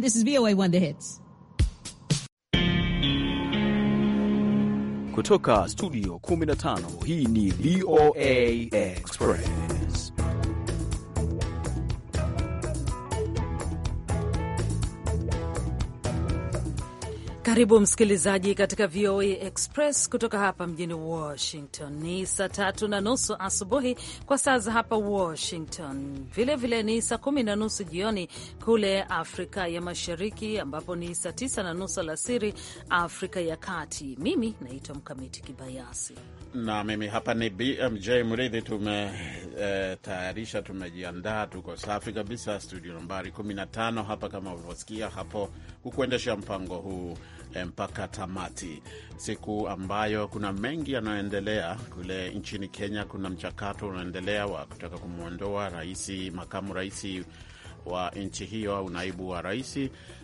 This is VOA 1 The Hits. Kutoka studio 15 hii ni VOA Express. Karibu msikilizaji katika VOA Express kutoka hapa mjini Washington. Ni saa tatu na nusu asubuhi kwa saa za hapa Washington, vilevile vile ni saa kumi na nusu jioni kule Afrika ya Mashariki, ambapo ni saa tisa na nusu alasiri Afrika ya Kati. Mimi naitwa Mkamiti Kibayasi na mimi hapa ni BMJ Mridhi. Tumetayarisha, eh, tumejiandaa, tuko safi kabisa. Studio nambari 15 hapa, kama ulivyosikia hapo, hukuendesha mpango huu mpaka tamati, siku ambayo kuna mengi yanayoendelea kule nchini Kenya. Kuna mchakato unaoendelea wa kutaka kumwondoa rais, makamu rais wa nchi hiyo au naibu wa rais,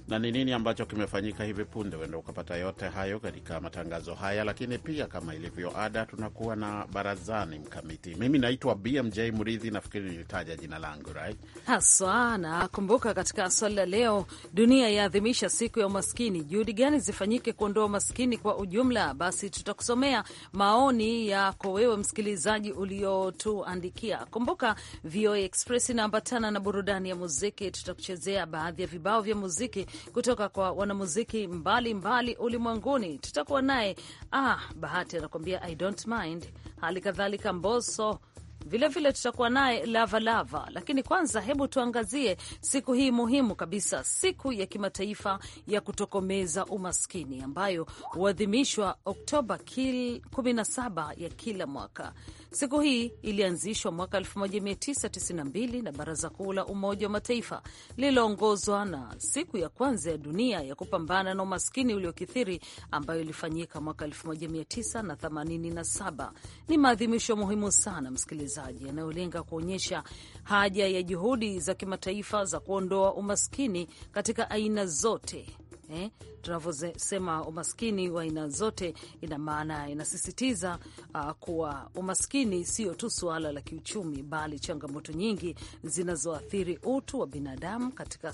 na ni nini ambacho kimefanyika hivi punde. Uenda ukapata yote hayo katika matangazo haya, lakini pia kama ilivyo ada, tunakuwa na barazani mkamiti. Mimi naitwa BMJ Mridhi, nafikiri nilitaja jina langu right? Haswa nakumbuka. Katika swali la leo, dunia yaadhimisha siku ya umaskini, juhudi gani zifanyike kuondoa umaskini kwa ujumla? Basi tutakusomea maoni yako wewe msikilizaji uliotuandikia. Kumbuka VOA Express inaambatana na burudani ya muziki muziki, tutakuchezea baadhi ya vibao vya muziki kutoka kwa wanamuziki mbalimbali ulimwenguni. Tutakuwa naye ah, Bahati anakuambia I don't mind, hali kadhalika Mboso vilevile tutakuwa naye Lavalava, lakini kwanza, hebu tuangazie siku hii muhimu kabisa, siku ya kimataifa ya kutokomeza umaskini ambayo huadhimishwa Oktoba 17 ya kila mwaka. Siku hii ilianzishwa mwaka 1992 na Baraza Kuu la Umoja wa Mataifa lililoongozwa na siku ya kwanza ya dunia ya kupambana na umaskini uliokithiri ambayo ilifanyika mwaka 1987. Ni maadhimisho muhimu sana, msikilizaji, yanayolenga kuonyesha haja ya juhudi za kimataifa za kuondoa umaskini katika aina zote eh, tunavyosema umaskini wa aina zote, ina maana inasisitiza uh, kuwa umaskini sio tu suala la kiuchumi, bali changamoto nyingi zinazoathiri utu wa binadamu katika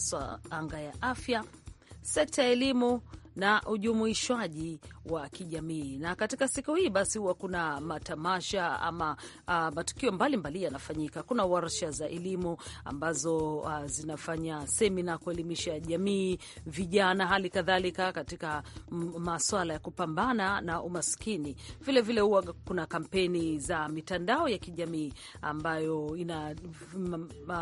anga ya afya, sekta ya elimu na ujumuishwaji wa kijamii. Na katika siku hii basi huwa kuna matamasha ama uh, matukio mbalimbali yanafanyika. Kuna warsha za elimu ambazo uh, zinafanya semina kuelimisha jamii, vijana, hali kadhalika katika maswala ya kupambana na umaskini. Vilevile huwa kuna kampeni za mitandao ya kijamii ambayo ina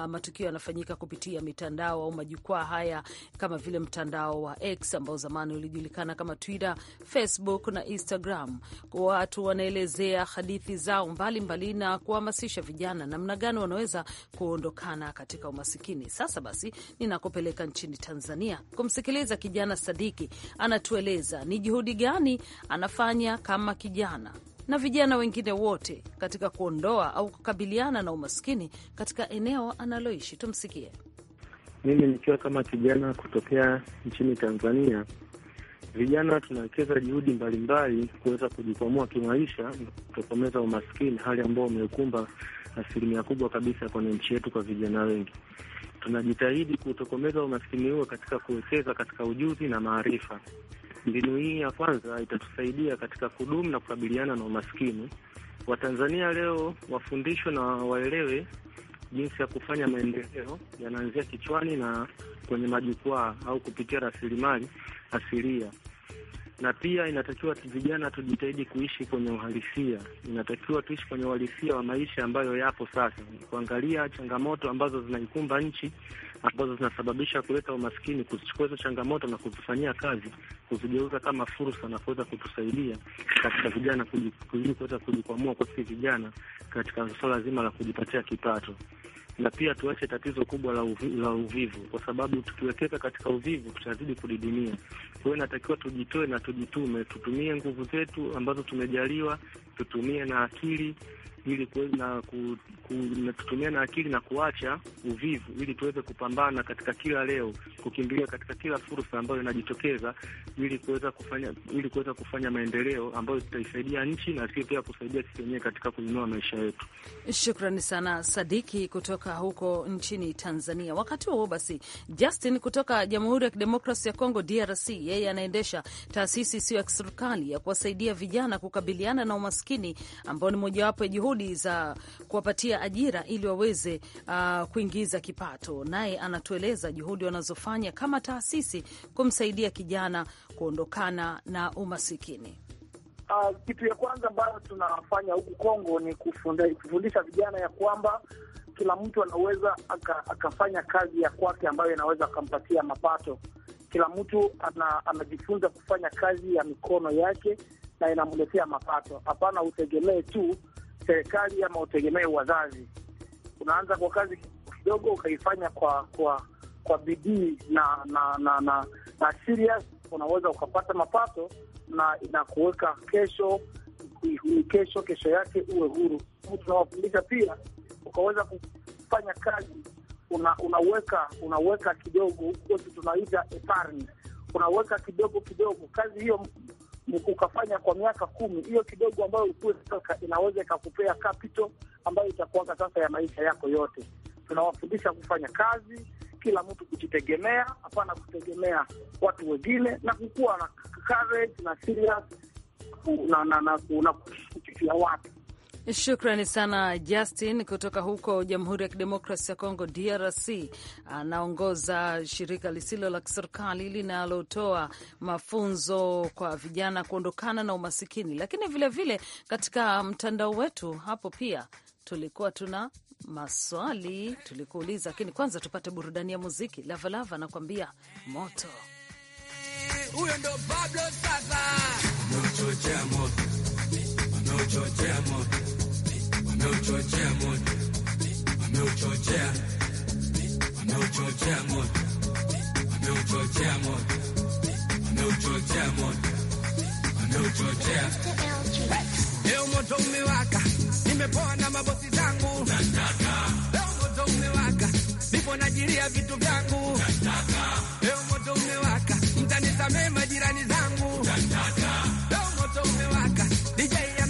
matukio yanafanyika kupitia mitandao au majukwaa haya kama vile mtandao wa X ambao zamani linalojulikana kama Twitter, Facebook na Instagram. Kwa watu wanaelezea hadithi zao mbalimbali na kuhamasisha vijana namna gani wanaweza kuondokana katika umasikini. Sasa basi, ninakopeleka nchini Tanzania kumsikiliza kijana Sadiki, anatueleza ni juhudi gani anafanya kama kijana na vijana wengine wote katika kuondoa au kukabiliana na umaskini katika eneo analoishi. Tumsikie. Mimi nikiwa kama kijana kutokea nchini Tanzania, Vijana tunawekeza juhudi mbalimbali kuweza kujikwamua kimaisha na kutokomeza umaskini, hali ambayo umekumba asilimia kubwa kabisa kwenye nchi yetu kwa vijana wengi. Tunajitahidi kutokomeza umaskini huo katika kuwekeza katika ujuzi na maarifa. Mbinu hii ya kwanza itatusaidia katika kudumu na kukabiliana na umaskini. Watanzania leo wafundishwe na waelewe jinsi ya kufanya maendeleo yanaanzia kichwani na kwenye majukwaa au kupitia rasilimali asilia na pia inatakiwa vijana tujitahidi kuishi kwenye uhalisia. Inatakiwa tuishi kwenye uhalisia wa maisha ambayo yapo sasa, kuangalia changamoto ambazo zinaikumba nchi ambazo zinasababisha kuleta umaskini, kuzichukua hizo changamoto na kuzifanyia kazi, kuzigeuza kama fursa na kuweza kutusaidia katika vijana kuweza kujikwamua kwa sisi vijana katika swala zima la kujipatia kipato na pia tuache tatizo kubwa la, uvi, la uvivu, kwa sababu tukiwekeka katika uvivu tutazidi kudidimia. Kwa hiyo inatakiwa tujitoe na tujitume, tutumie nguvu zetu ambazo tumejaliwa, tutumie na akili ili kuweza na kutumia na akili na kuacha uvivu, ili tuweze kupambana katika kila leo, kukimbilia katika kila fursa ambayo inajitokeza, ili kuweza kufanya ili kuweza kufanya maendeleo ambayo tutaisaidia nchi na sisi pia kusaidia sisi wenyewe katika kuinua maisha yetu. Shukrani sana Sadiki kutoka huko nchini Tanzania. Wakati huo basi, Justin kutoka Jamhuri ya Kidemokrasi ya Kongo DRC, yeye anaendesha taasisi isiyo ya kiserikali ya kuwasaidia vijana kukabiliana na umaskini ambao ni mojawapo ya juhudi juhudi za kuwapatia ajira ili waweze uh, kuingiza kipato. Naye anatueleza juhudi wanazofanya kama taasisi kumsaidia kijana kuondokana na umasikini. Uh, kitu ya kwanza ambayo tunafanya huku Kongo ni kufunda, kufundisha vijana ya kwamba kila mtu anaweza aka, akafanya kazi ya kwake ambayo inaweza akampatia mapato. Kila mtu ana, anajifunza kufanya kazi ya mikono yake na inamletea mapato. Hapana utegemee tu serikali ama utegemee wazazi. Unaanza kwa kazi kidogo, ukaifanya kwa kwa kwa bidii na na na, na, na serious, unaweza ukapata mapato na inakuweka kesho kesho kesho yake uwe huru. Tunawafundisha pia ukaweza kufanya kazi una, unaweka unaweka kidogo, kwetu tunaita unaweka kidogo kidogo, kazi hiyo ni kukafanya kwa miaka kumi, hiyo kidogo ambayo ukue sasa inaweza ikakupea capital ambayo itakuaga sasa ya maisha yako yote. Tunawafundisha kufanya kazi, kila mtu kujitegemea, hapana kutegemea watu wengine, na kukuwa na courage na serious na na watu Shukrani sana Justin kutoka huko Jamhuri ya Kidemokrasi ya Kongo, DRC. Anaongoza shirika lisilo la kiserikali linalotoa mafunzo kwa vijana kuondokana na umasikini, lakini vilevile vile, katika mtandao wetu hapo pia tulikuwa tuna maswali tulikuuliza, lakini kwanza tupate burudani ya muziki. Lavalava anakuambia moto, huyo ndo Pablo sasa moto wameuchochea moto, wameuchochea moto, Leo moto umewaka, nimepoa na mabosi zangu, leo moto umewaka, nipo najilia vitu vyangu, leo moto umewaka, mtanisamee majirani zangu, leo moto umewaka DJ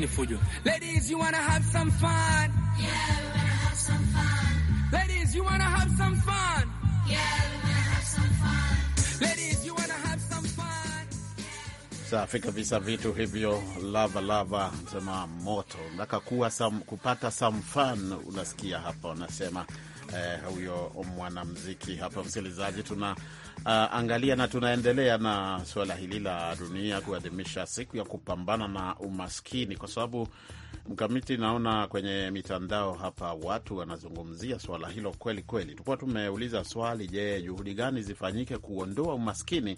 ni fujo. Ladies, you wanna have some fun? Yeah, we Safi kabisa vitu hivyo lava lava sema moto. Nataka kuwa sam, kupata some fun unasikia hapa unasema eh, huyo mwanamuziki hapa msikilizaji tuna Uh, angalia na tunaendelea na suala hili la dunia kuadhimisha siku ya kupambana na umaskini, kwa sababu mkamiti, naona kwenye mitandao hapa watu wanazungumzia swala hilo kweli kweli. tumeuliza swali, je, juhudi gani zifanyike kuondoa umaskini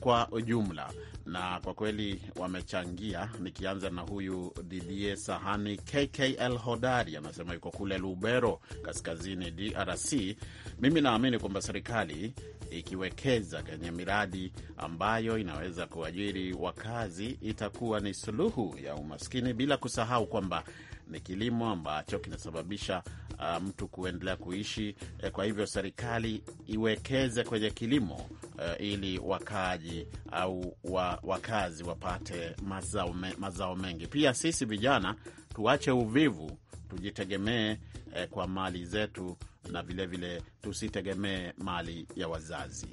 kwa ujumla, na kwa kweli wamechangia. Nikianza na huyu Didie Sahani KKL Hodari, anasema yuko kule Lubero, kaskazini DRC. Mimi naamini kwamba serikali ikiwekeza kwenye miradi ambayo inaweza kuajiri wakazi itakuwa ni suluhu ya umaskini, bila kusahau kwamba ni kilimo ambacho kinasababisha uh, mtu kuendelea kuishi. Eh, kwa hivyo serikali iwekeze kwenye kilimo uh, ili wakaaji au wa, wakazi wapate mazao, me, mazao mengi. Pia sisi vijana tuache uvivu, tujitegemee eh, kwa mali zetu na vilevile tusitegemee mali ya wazazi.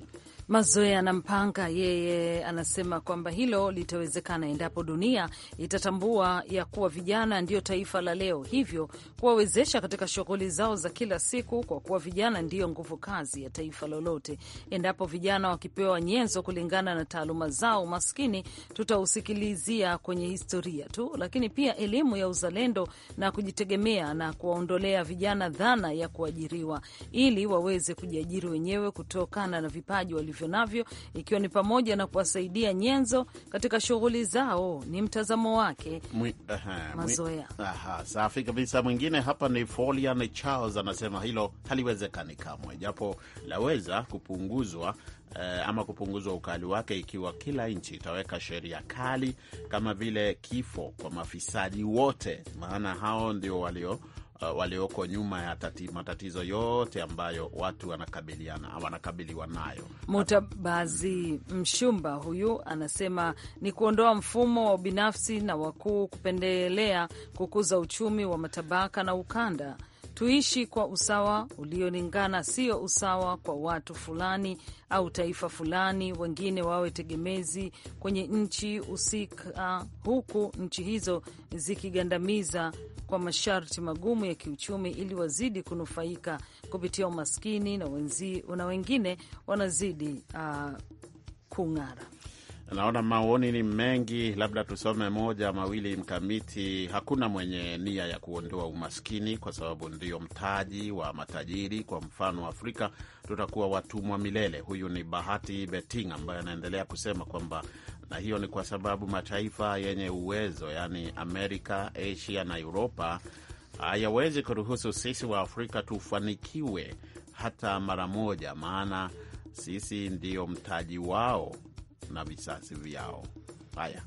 Mazoea na Mpanga yeye anasema kwamba hilo litawezekana endapo dunia itatambua ya kuwa vijana ndiyo taifa la leo, hivyo kuwawezesha katika shughuli zao za kila siku, kwa kuwa vijana ndiyo nguvu kazi ya taifa lolote. Endapo vijana wakipewa nyenzo kulingana na taaluma zao, maskini tutausikilizia kwenye historia tu, lakini pia elimu ya uzalendo na kujitegemea na kuwaondolea vijana dhana ya kuajiriwa, ili waweze kujiajiri wenyewe kutokana na vipaji walivyo walivyo navyo, ikiwa ni pamoja na kuwasaidia nyenzo katika shughuli zao. Ni mtazamo wake, mazoea. Safi kabisa. Mwingine hapa ni Folian Charles, anasema hilo haliwezekani kamwe, japo laweza kupunguzwa eh, ama kupunguzwa ukali wake ikiwa kila nchi itaweka sheria kali kama vile kifo kwa mafisadi wote, maana hao ndio walio uh, walioko nyuma ya tati, matatizo yote ambayo watu wanakabiliana wanakabiliwa nayo. Mutabazi Mshumba huyu anasema ni kuondoa mfumo wa ubinafsi na wakuu kupendelea kukuza uchumi wa matabaka na ukanda tuishi kwa usawa uliolingana, sio usawa kwa watu fulani au taifa fulani, wengine wawe tegemezi kwenye nchi husika, huku nchi hizo zikigandamiza kwa masharti magumu ya kiuchumi ili wazidi kunufaika kupitia umaskini na, wenzi, na wengine wanazidi uh, kung'ara. Naona maoni ni mengi, labda tusome moja mawili. Mkamiti, hakuna mwenye nia ya kuondoa umaskini kwa sababu ndio mtaji wa matajiri. Kwa mfano, Afrika tutakuwa watumwa milele. Huyu ni Bahati Beting ambaye anaendelea kusema kwamba, na hiyo ni kwa sababu mataifa yenye uwezo, yaani Amerika, Asia na Uropa hayawezi kuruhusu sisi wa Afrika tufanikiwe hata mara moja, maana sisi ndiyo mtaji wao na vizazi vyao. Haya.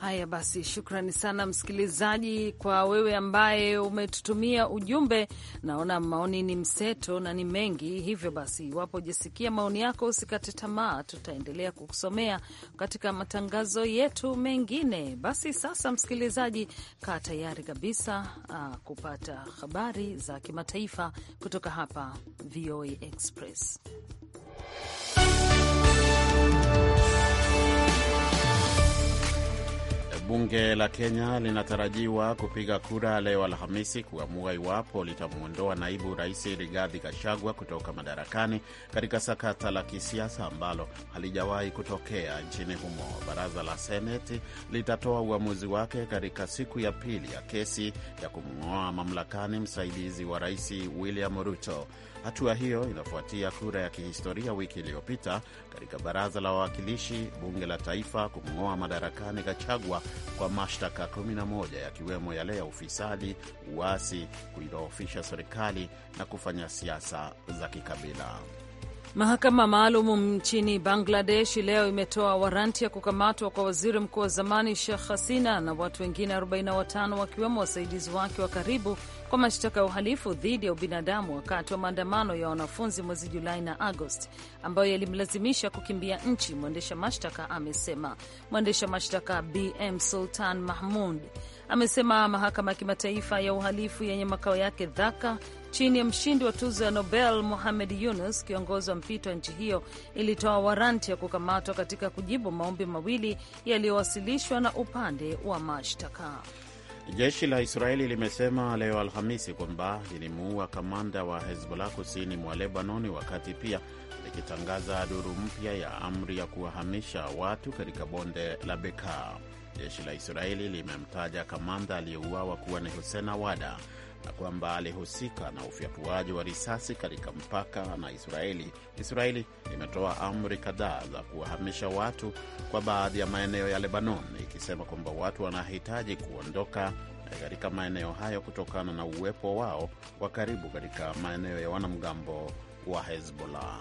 Haya basi, shukrani sana msikilizaji, kwa wewe ambaye umetutumia ujumbe. Naona maoni ni mseto na ni mengi, hivyo basi, iwapo ujasikia maoni yako, usikate tamaa, tutaendelea kukusomea katika matangazo yetu mengine. Basi sasa, msikilizaji, kaa tayari kabisa aa, ah, kupata habari za kimataifa kutoka hapa VOA Express. Bunge la Kenya linatarajiwa kupiga kura leo Alhamisi kuamua iwapo litamwondoa naibu rais Rigathi Gachagua kutoka madarakani katika sakata la kisiasa ambalo halijawahi kutokea nchini humo. Baraza la Seneti litatoa uamuzi wake katika siku ya pili ya kesi ya kumng'oa mamlakani msaidizi wa rais William Ruto. Hatua hiyo inafuatia kura ya kihistoria wiki iliyopita katika baraza la wawakilishi, bunge la taifa kumng'oa madarakani Gachagua kwa mashtaka 11 yakiwemo yale ya ufisadi, uasi, kuidhoofisha serikali na kufanya siasa za kikabila. Mahakama maalum nchini Bangladesh leo imetoa waranti ya kukamatwa kwa waziri mkuu wa zamani Sheikh Hasina na watu wengine 45 wakiwemo wasaidizi wake wa karibu kwa mashtaka ya uhalifu dhidi ya ubinadamu wakati wa maandamano ya wanafunzi mwezi Julai na Agosti ambayo yalimlazimisha kukimbia nchi, mwendesha mashtaka amesema. Mwendesha mashtaka BM Sultan Mahmud amesema mahakama ya kimataifa ya uhalifu yenye makao yake Dhaka chini ya mshindi wa tuzo ya Nobel Mohamed Yunus, kiongozi wa mpito wa nchi hiyo, ilitoa waranti ya kukamatwa katika kujibu maombi mawili yaliyowasilishwa na upande wa mashtaka. Jeshi la Israeli limesema leo Alhamisi kwamba lilimuua kamanda wa Hezbollah kusini mwa Lebanoni, wakati pia likitangaza duru mpya ya amri ya kuwahamisha watu katika bonde la Bekaa. Jeshi la Israeli limemtaja kamanda aliyeuawa kuwa ni Hussein Awada na kwamba alihusika na ufyatuaji wa risasi katika mpaka na Israeli. Israeli imetoa amri kadhaa za kuwahamisha watu kwa baadhi ya maeneo ya Lebanon, ikisema kwamba watu wanahitaji kuondoka eh, katika maeneo hayo kutokana na uwepo wao wa karibu katika maeneo ya wanamgambo wa Hezbollah.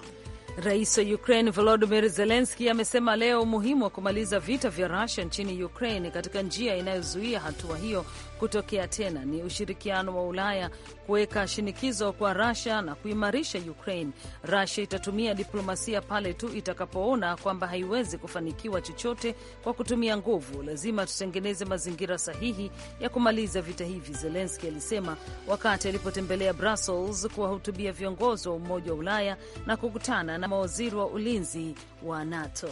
Rais wa Ukraine Volodymyr Zelensky amesema leo umuhimu wa kumaliza vita vya Rusia nchini Ukraine katika njia inayozuia hatua hiyo kutokea tena ni ushirikiano wa Ulaya kuweka shinikizo kwa Rusia na kuimarisha Ukraine. rasia itatumia diplomasia pale tu itakapoona kwamba haiwezi kufanikiwa chochote kwa kutumia nguvu. Lazima tutengeneze mazingira sahihi ya kumaliza vita hivi, Zelenski alisema wakati alipotembelea Brussels kuwahutubia viongozi wa Umoja wa Ulaya na kukutana na mawaziri wa ulinzi wa NATO.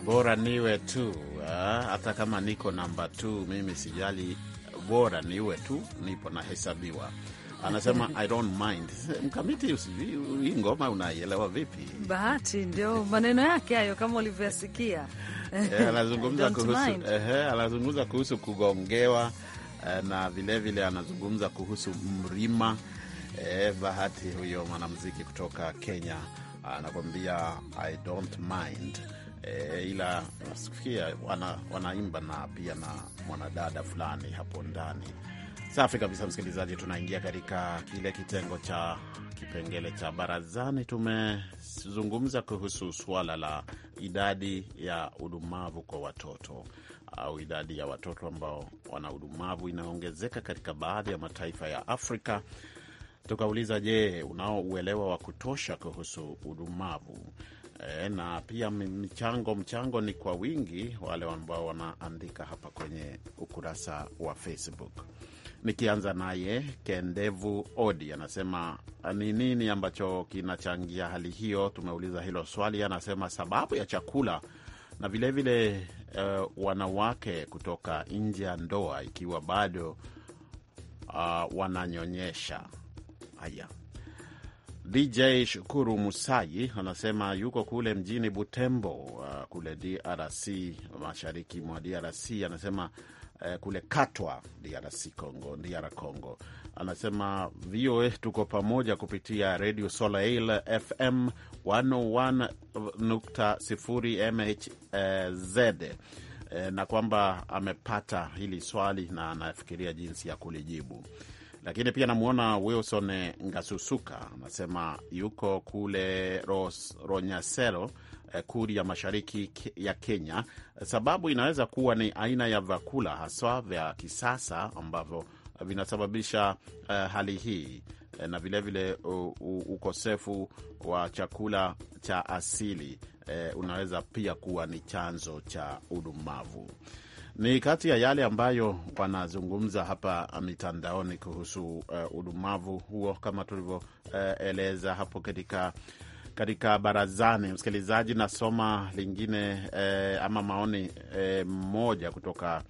bora niwe tu ah, hata kama niko namba tu mimi sijali, bora niwe tu nipo nahesabiwa. Anasema I don't mind. Mkamiti, hii ngoma unaielewa vipi? Bahati ndio maneno yake hayo, kama ulivyoyasikia. Eh, anazungumza kuhusu, anazungumza kuhusu kugongewa eh, na vilevile vile anazungumza kuhusu mrima. Eh, Bahati huyo mwanamuziki kutoka Kenya anakwambia I don't mind. E, ila nasikia wana, wanaimba na pia na mwanadada fulani hapo ndani. Safi kabisa, msikilizaji, tunaingia katika kile kitengo cha kipengele cha barazani. Tumezungumza kuhusu suala la idadi ya udumavu kwa watoto au idadi ya watoto ambao wana udumavu inaongezeka katika baadhi ya mataifa ya Afrika. Tukauliza, je, unao uelewa wa kutosha kuhusu udumavu? E, na pia michango mchango ni kwa wingi, wale ambao wanaandika hapa kwenye ukurasa wa Facebook. Nikianza naye Kendevu Odi anasema ni nini ambacho kinachangia hali hiyo? Tumeuliza hilo swali, anasema sababu ya chakula na vilevile vile, uh, wanawake kutoka nje ya ndoa ikiwa bado uh, wananyonyesha. Haya, DJ Shukuru musayi anasema yuko kule mjini Butembo, uh, kule DRC, mashariki mwa DRC. Anasema uh, kule Katwa, DRC Congo, DR Congo. Anasema VOA tuko pamoja kupitia Radio Solail FM 101.0 MHZ uh, na kwamba amepata hili swali na anafikiria jinsi ya kulijibu. Lakini pia namwona Wilson Ngasusuka anasema yuko kule Ronyasero eh, Kuri ya mashariki ya Kenya. Sababu inaweza kuwa ni aina ya vyakula haswa vya kisasa ambavyo vinasababisha eh, hali hii eh, na vilevile ukosefu wa chakula cha asili eh, unaweza pia kuwa ni chanzo cha udumavu. Ni kati ya yale ambayo wanazungumza hapa mitandaoni kuhusu uh, udumavu huo kama tulivyoeleza eh, uh, hapo katika katika barazani, msikilizaji. Nasoma lingine eh, ama maoni eh, moja kutoka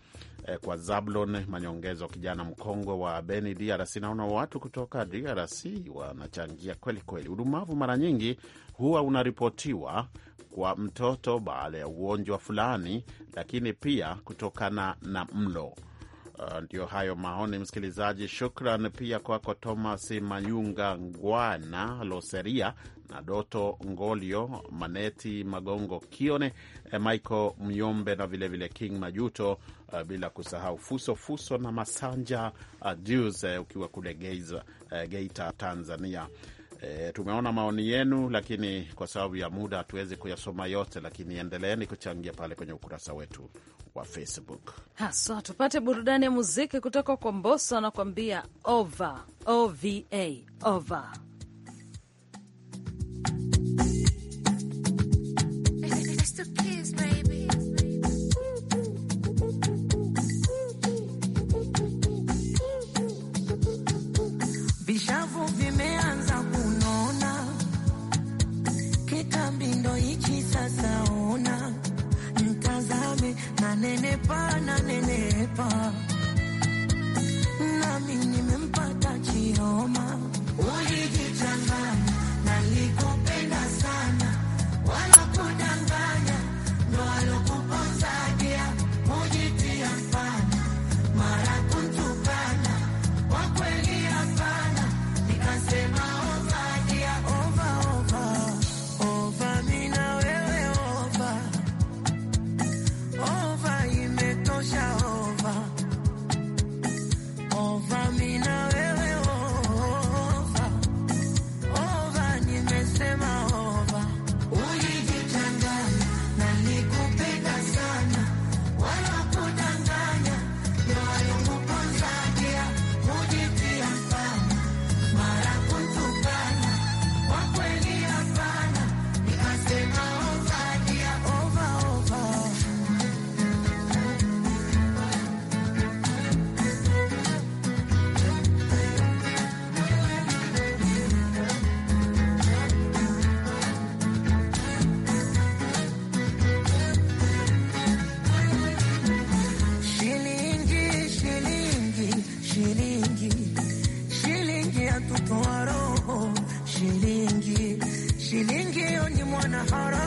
eh, kwa Zablon Manyongezo, kijana mkongwe wa Beni, DRC. Naona watu kutoka DRC wanachangia kweli kweli. Udumavu mara nyingi huwa unaripotiwa kwa mtoto baada ya ugonjwa fulani, lakini pia kutokana na mlo. Uh, ndio hayo maoni msikilizaji. Shukran pia kwako Thomas Mayunga Ngwana Loseria na Doto Ngolio Maneti Magongo Kione, eh, Michael Myombe na vilevile vile King Majuto uh, bila kusahau fuso fuso na masanja uh, eh, Deus uh, eh, ukiwa kule Geita, uh, Geita Tanzania. E, tumeona maoni yenu, lakini kwa sababu ya muda hatuwezi kuyasoma yote, lakini endeleeni kuchangia pale kwenye ukurasa wetu wa Facebook haswa. Tupate burudani ya muziki kutoka kwa mboso anakuambia ova ova ova Nanenepa, nanenepa nami nimempata Chioma, ulijichanganya naliko mtoto wa roho shilingi shilingi yoni mwana hara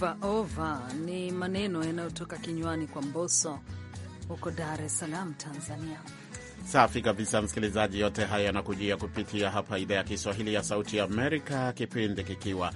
Over, over ni maneno yanayotoka kinywani kwa Mboso huko Dar es Salaam, Tanzania. Safi kabisa, msikilizaji, yote haya yanakujia kupitia hapa idhaa ya Kiswahili ya Sauti ya Amerika, kipindi kikiwa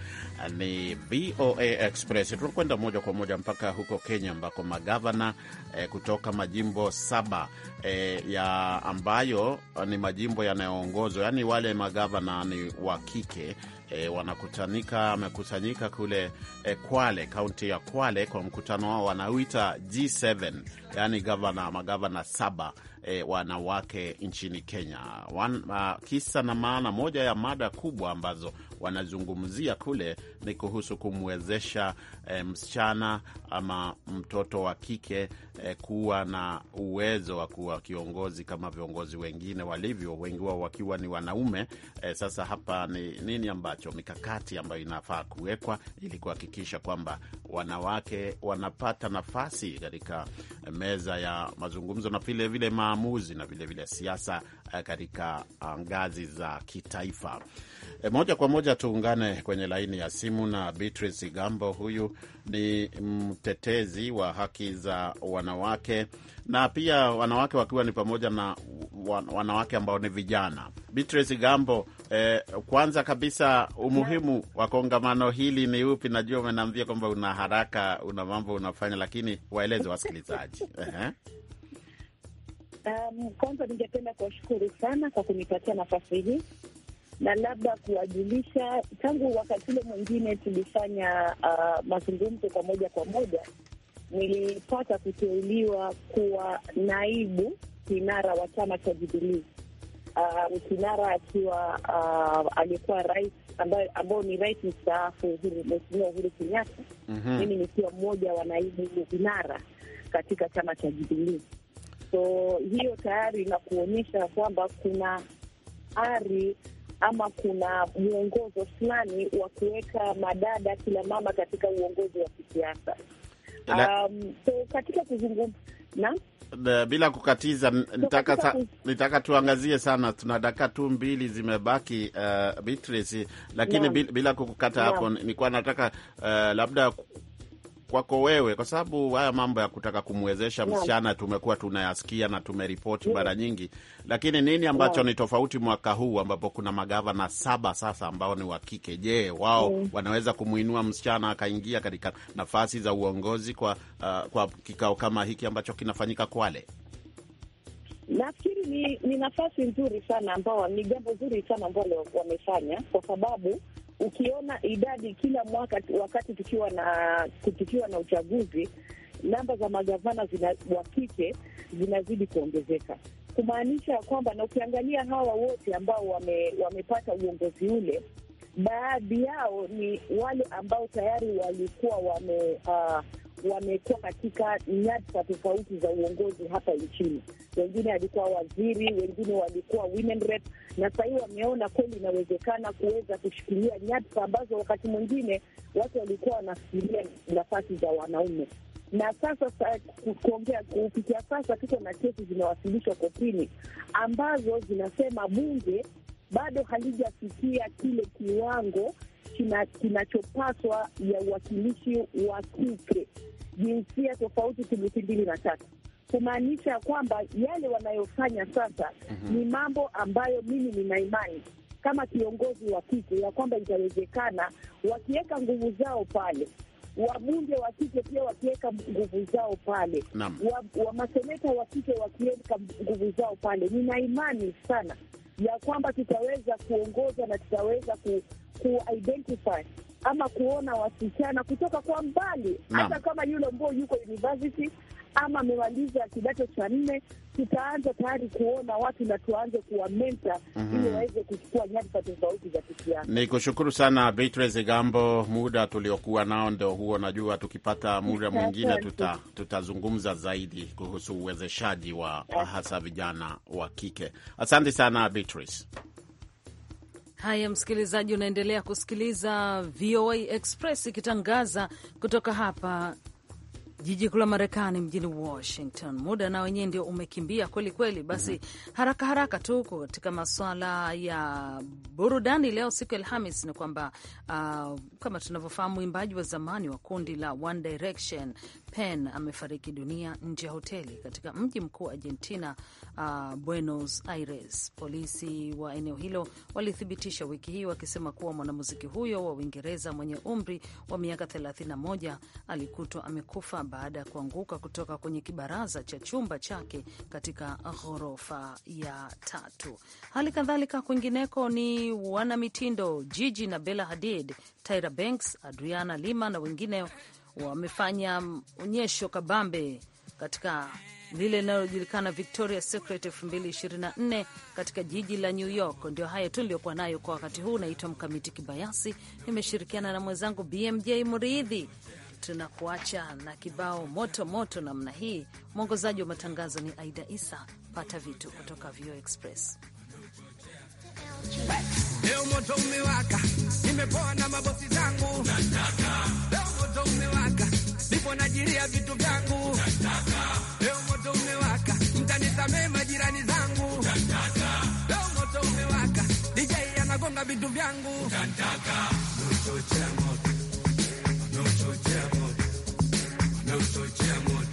ni VOA Express. Tunakwenda moja kwa moja mpaka huko Kenya, ambako magavana eh, kutoka majimbo saba eh, ya ambayo ni majimbo yanayoongozwa, yaani wale magavana ni wa kike e, wanakutanika amekusanyika kule e, Kwale, kaunti ya Kwale kwa mkutano wao wanauita G7, yaani gavana magavana saba e, wanawake nchini Kenya. Wan, a, kisa na maana, moja ya mada kubwa ambazo wanazungumzia kule ni kuhusu kumwezesha e, msichana ama mtoto wa kike e, kuwa na uwezo wa kuwa kiongozi kama viongozi wengine walivyo, wengi wao wakiwa ni wanaume. E, sasa hapa ni nini ambacho mikakati ambayo inafaa kuwekwa ili kuhakikisha kwamba wanawake wanapata nafasi katika meza ya mazungumzo na vilevile vile maamuzi na vilevile vile siasa katika ah, ngazi za kitaifa. E, moja kwa moja tuungane kwenye laini ya simu na Beatrice Gambo. Huyu ni mtetezi wa haki za wanawake na pia wanawake wakiwa ni pamoja na wanawake ambao ni vijana. Beatrice Gambo, e, eh, kwanza kabisa umuhimu wa kongamano hili ni upi? Najua umeniambia kwamba una haraka, una mambo unafanya, lakini waeleze wasikilizaji. Um, kwanza ningependa kuwashukuru sana kwa kunipatia nafasi hii na labda kuwajulisha. Tangu wakati ule mwingine tulifanya uh, mazungumzo kwa moja kwa moja, nilipata kuteuliwa kuwa naibu kinara wa chama cha Jubilii, uh, kinara akiwa uh, aliyekuwa rais ambao ni rais mstaafu Mheshimiwa Uhuru Kenyatta. mm-hmm. Mimi nikiwa mmoja wa naibu vinara katika chama cha Jubilii. So hiyo tayari inakuonyesha kwamba kuna ari ama kuna mwongozo fulani wa kuweka madada kila mama katika uongozi wa kisiasa. Um, so katika kuzungumza na bila kukatiza nitaka, sa, nitaka tuangazie sana, tuna dakika tu mbili zimebaki uh, Beatrice, lakini yeah, bila kukukata hapo yeah, nilikuwa nataka uh, labda kwako wewe, kwa sababu haya mambo ya kutaka kumwezesha msichana tumekuwa tunayasikia na tumeripoti mara nyingi, lakini nini ambacho ni tofauti mwaka huu ambapo kuna magavana saba sasa ambao ni wa kike? Je, wao mm, wanaweza kumwinua msichana akaingia katika nafasi za uongozi kwa, uh, kwa kikao kama hiki ambacho kinafanyika Kwale? Nafikiri ni, ni nafasi nzuri sana ambao ni jambo zuri sana ambalo wamefanya kwa sababu ukiona idadi kila mwaka, wakati tukiwa na tukiwa na uchaguzi, namba za magavana wa kike zinazidi kuongezeka, kumaanisha kwamba, na ukiangalia hawa wote ambao wame, wamepata uongozi ule, baadhi yao ni wale ambao tayari walikuwa wame uh, wamekuwa katika nyadhifa tofauti za uongozi hapa nchini. Wengine walikuwa waziri, wengine walikuwa women rep, na sasa wameona kweli inawezekana kuweza kushikilia nyadhifa ambazo wakati mwingine watu walikuwa wanafikiria nafasi za wanaume na sasa kuongea kupitia sasa, tuko na kesi zinawasilishwa kotini ambazo zinasema bunge bado halijafikia kile kiwango kinachopaswa ya uwakilishi wa kike jinsia tofauti thuluthi mbili na tatu, kumaanisha kwamba yale wanayofanya sasa mm -hmm. ni mambo ambayo mimi nina imani kama kiongozi wa kike ya kwamba itawezekana wakiweka nguvu zao pale wabunge wa kike pia wakiweka nguvu zao pale, wamaseneta wa kike wakiweka nguvu zao pale, nina imani sana ya kwamba tutaweza kuongoza na tutaweza ku, ku identify ama kuona wasichana kutoka kwa mbali, hata kama yule ambao yuko university ama amemaliza kidato cha nne, tutaanza tayari kuona watu na tuanze kuwamenta mm -hmm. ili waweze kuchukua nyadhifa tofauti za kisiasa. Ni kushukuru sana Beatrice Gambo, muda tuliokuwa nao ndo huo. Najua tukipata muda mwingine tuta, tutazungumza zaidi kuhusu uwezeshaji wa hasa vijana wa kike. Asante sana Beatrice. Haya, msikilizaji, unaendelea kusikiliza VOA Express ikitangaza kutoka hapa jiji kuu la Marekani mjini Washington. Muda na wenyewe ndio umekimbia kweli kweli. Basi mm -hmm. haraka haraka tu katika maswala ya burudani leo, siku ya Alhamis, ni kwamba uh, kama tunavyofahamu mwimbaji wa zamani wa kundi la One Direction Pen amefariki dunia nje ya hoteli katika mji mkuu wa Argentina, uh, Buenos Aires. Polisi wa eneo hilo walithibitisha wiki hii wakisema kuwa mwanamuziki huyo wa Uingereza mwenye umri wa miaka 31 alikutwa amekufa baada ya kuanguka kutoka kwenye kibaraza cha chumba chake katika ghorofa ya tatu. Hali kadhalika kwingineko ni wanamitindo Gigi na Bella Hadid, Tyra Banks, Adriana Lima na wengine wamefanya onyesho kabambe katika lile linalojulikana Victoria Secret 2024 katika jiji la New York. Ndio hayo tu niliyokuwa nayo kwa wakati huu. Naitwa Mkamiti Kibayasi, nimeshirikiana na mwenzangu BMJ Muridhi tunakuacha na kibao moto moto namna hii. Mwongozaji wa matangazo ni Aida Isa. Pata vitu kutoka Vio Express. Leo moto umewaka, nimepoa na mabosi zangu, leo moto umewaka, nipo vitu vyangu, leo moto umewaka, mtanisamee majirani zangu, leo moto umewaka, DJ anagonga vitu vyangu, moto cha moto soy te amor, no